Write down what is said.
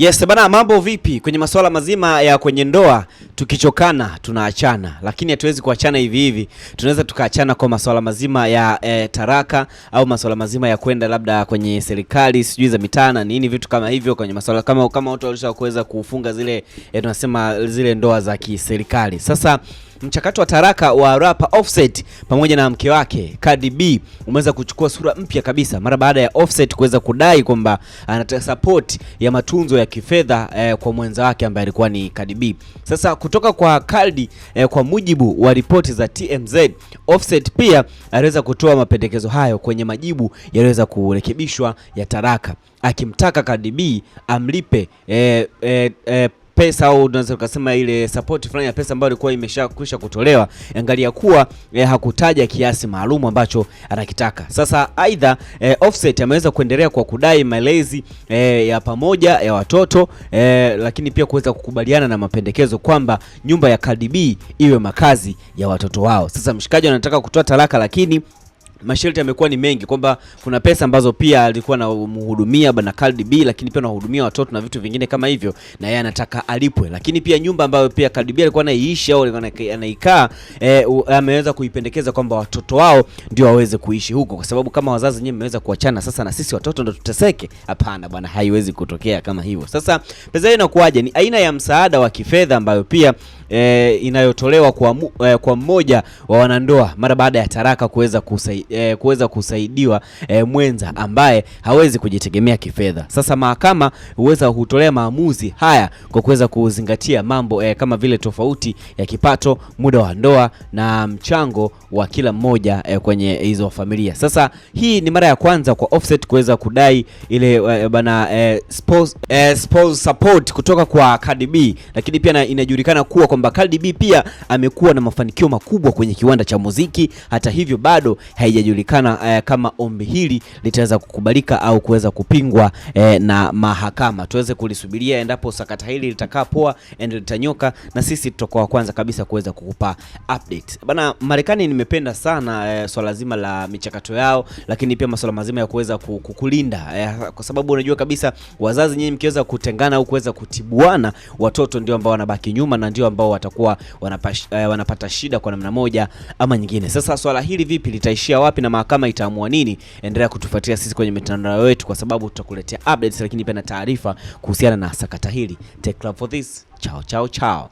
Yes, bana mambo vipi? Kwenye masuala mazima ya kwenye ndoa tukichokana tunaachana, lakini hatuwezi kuachana hivi hivi. Tunaweza tukaachana kwa masuala mazima ya e, taraka au masuala mazima ya kwenda labda kwenye serikali sijui za mitaa na nini vitu kama hivyo, kwenye masuala kama kama watu walishakuweza kufunga zile e, tunasema zile ndoa za kiserikali. Sasa Mchakato wa taraka wa rapa Offset pamoja na mke wake Cardi B umeweza kuchukua sura mpya kabisa mara baada ya Offset kuweza kudai kwamba anataka support ya matunzo ya kifedha eh, kwa mwenza wake ambaye alikuwa ni Cardi B. Sasa kutoka kwa Cardi eh, kwa mujibu wa ripoti za TMZ, Offset pia aliweza kutoa mapendekezo hayo kwenye majibu yaliweza kurekebishwa ya taraka akimtaka Cardi B amlipe eh, eh, eh, pesa au unaweza ukasema ile support fulani ya pesa ambayo ilikuwa imeshakwisha kutolewa, angalia kuwa eh, hakutaja kiasi maalum ambacho anakitaka. Sasa aidha eh, Offset ameweza kuendelea kwa kudai malezi eh, ya pamoja ya watoto eh, lakini pia kuweza kukubaliana na mapendekezo kwamba nyumba ya Cardi B iwe makazi ya watoto wao. Sasa mshikaji anataka kutoa talaka lakini masharti yamekuwa ni mengi kwamba kuna pesa ambazo pia alikuwa anamhudumia bwana Cardi B, lakini pia anahudumia watoto na vitu vingine kama hivyo, na yeye anataka alipwe. Lakini pia nyumba ambayo pia Cardi B alikuwa anaiishi au anaikaa eh, ameweza kuipendekeza kwamba watoto wao ndio waweze kuishi huko, kwa sababu kama wazazi nyinyi mmeweza kuachana sasa, na sisi watoto ndio tuteseke. Hapana bwana, haiwezi kutokea kama hivyo. Sasa pesa hiyo inakuwaje? Ni aina ya msaada wa kifedha ambayo pia e, inayotolewa kwa, mu, e, kwa mmoja wa wanandoa mara baada ya taraka kuweza kusai, e, kuweza kusaidiwa e, mwenza ambaye hawezi kujitegemea kifedha. Sasa mahakama huweza hutolea maamuzi haya kwa kuweza kuzingatia mambo e, kama vile tofauti ya kipato, muda wa ndoa na mchango wa kila mmoja e, kwenye hizo familia. Sasa hii ni mara ya kwanza kwa Offset kuweza kudai ile e, bana e, spouse, e, spouse support kutoka kwa Cardi B, lakini pia inajulikana kuwa kwa kwamba Cardi B pia amekuwa na mafanikio makubwa kwenye kiwanda cha muziki. Hata hivyo bado haijajulikana eh, kama ombi hili litaweza kukubalika au kuweza kupingwa eh, na mahakama. Tuweze kulisubiria endapo sakata hili litakaa poa and litanyoka, na sisi tutakuwa kwanza kabisa kuweza kukupa update. Bana, Marekani nimependa sana eh, swala zima la michakato yao, lakini pia masuala mazima ya kuweza kukulinda eh, kwa sababu unajua kabisa wazazi nyinyi mkiweza kutengana au kuweza kutibuana, watoto ndio ambao wanabaki nyuma na ndio ambao ambao watakuwa wanapash, eh, wanapata shida kwa namna moja ama nyingine. Sasa swala hili vipi litaishia wapi na mahakama itaamua nini? Endelea kutufuatia sisi kwenye mitandao yetu, kwa sababu tutakuletea updates, lakini pia na taarifa kuhusiana na sakata hili. Take love for this. Chao chao chao.